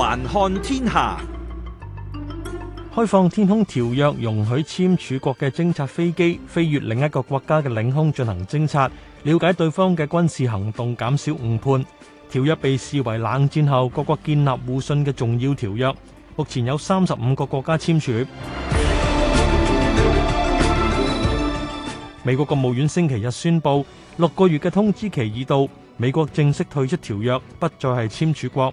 環看天下，開放天空條約容許簽署國嘅偵察飛機飛越另一個國家嘅領空進行偵察，了解對方嘅軍事行動，減少誤判。條約被視為冷戰後各國建立互信嘅重要條約。目前有三十五個國家簽署。美國國務院星期日宣布，六個月嘅通知期已到，美國正式退出條約，不再係簽署國。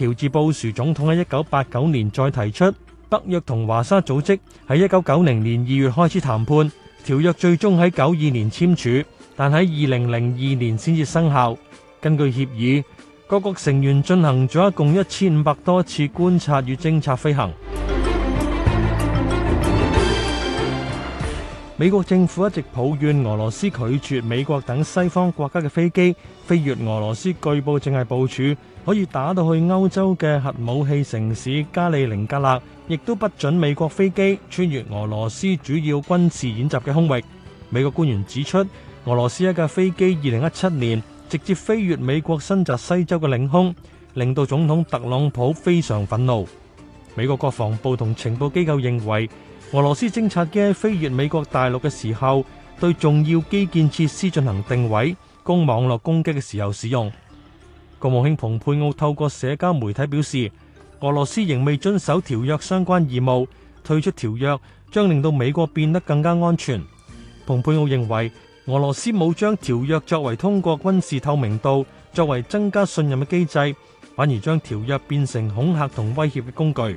喬治布殊總統喺一九八九年再提出北約同華沙組織喺一九九零年二月開始談判，條約最終喺九二年簽署，但喺二零零二年先至生效。根據協議，各國成員進行咗一共一千五百多次觀察與偵察飛行。美國政府一直抱怨俄羅斯拒絕美國等西方國家嘅飛機飛越俄羅斯，據報正係部署可以打到去歐洲嘅核武器城市加里寧格勒，亦都不准美國飛機穿越俄羅斯主要軍事演習嘅空域。美國官員指出，俄羅斯一架飛機二零一七年直接飛越美國新澤西州嘅領空，令到總統特朗普非常憤怒。美國國防部同情報機構認為。俄羅斯偵察機喺飛越美國大陸嘅時候，對重要基建設施進行定位，供網絡攻擊嘅時候使用。國務卿蓬佩奧透過社交媒體表示，俄羅斯仍未遵守條約相關義務，退出條約將令到美國變得更加安全。蓬佩奧認為，俄羅斯冇將條約作為通過軍事透明度，作為增加信任嘅機制，反而將條約變成恐嚇同威脅嘅工具。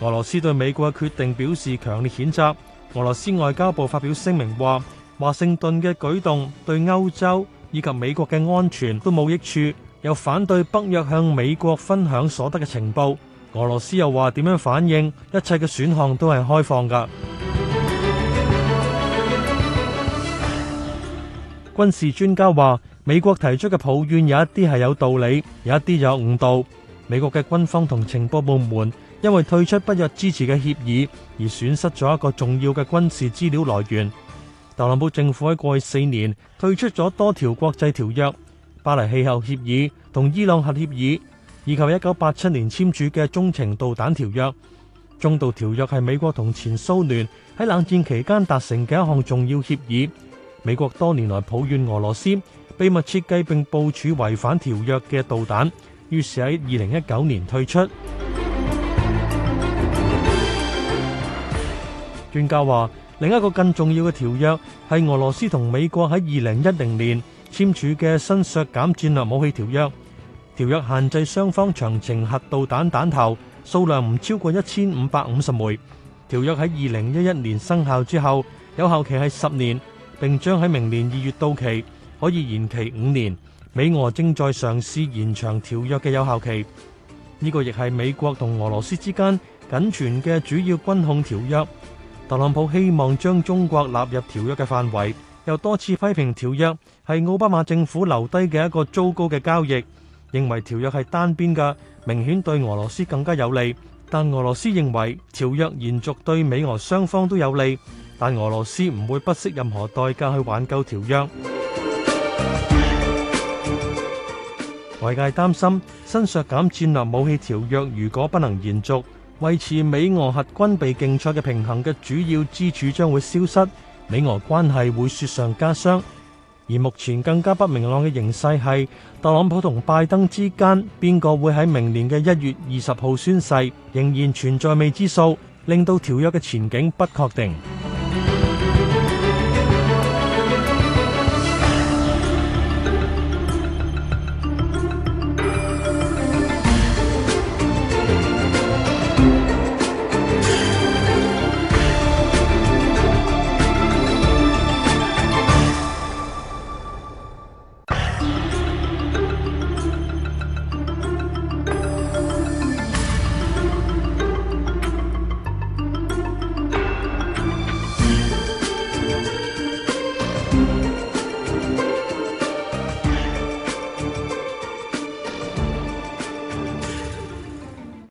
俄羅斯對美國嘅決定表示強烈譴責。俄羅斯外交部發表聲明話，華盛頓嘅舉動對歐洲以及美國嘅安全都冇益處，又反對北約向美國分享所得嘅情報。俄羅斯又話點樣反應，一切嘅選項都係開放㗎。軍事專家話，美國提出嘅抱怨有一啲係有道理，有一啲有誤導。美國嘅軍方同情報部門因為退出不約支持嘅協議而損失咗一個重要嘅軍事資料來源。特朗普政府喺過去四年退出咗多條國際條約，巴黎氣候協議同伊朗核協議，以及一九八七年簽署嘅中程導彈條約。中導條約係美國同前蘇聯喺冷戰期間達成嘅一項重要協議。美國多年來抱怨俄羅斯秘密設計並部署違反條約嘅導彈。於是喺二零一九年退出。專家話，另一個更重要嘅條約係俄羅斯同美國喺二零一零年簽署嘅新削減戰略武器條約。條約限制雙方長程核導彈彈頭數量唔超過一千五百五十枚。條約喺二零一一年生效之後，有效期係十年，並將喺明年二月到期，可以延期五年。美俄正在嘗試延長條約嘅有效期，呢個亦係美國同俄羅斯之間僅存嘅主要軍控條約。特朗普希望將中國納入條約嘅範圍，又多次批評條約係奧巴馬政府留低嘅一個糟糕嘅交易，認為條約係單邊嘅，明顯對俄羅斯更加有利。但俄羅斯認為條約延續對美俄雙方都有利，但俄羅斯唔會不惜任何代價去挽救條約。外界擔心新削減戰略武器條約如果不能延續，維持美俄核軍備競賽嘅平衡嘅主要支柱將會消失，美俄關係會雪上加霜。而目前更加不明朗嘅形勢係特朗普同拜登之間邊個會喺明年嘅一月二十號宣誓，仍然存在未知數，令到條約嘅前景不確定。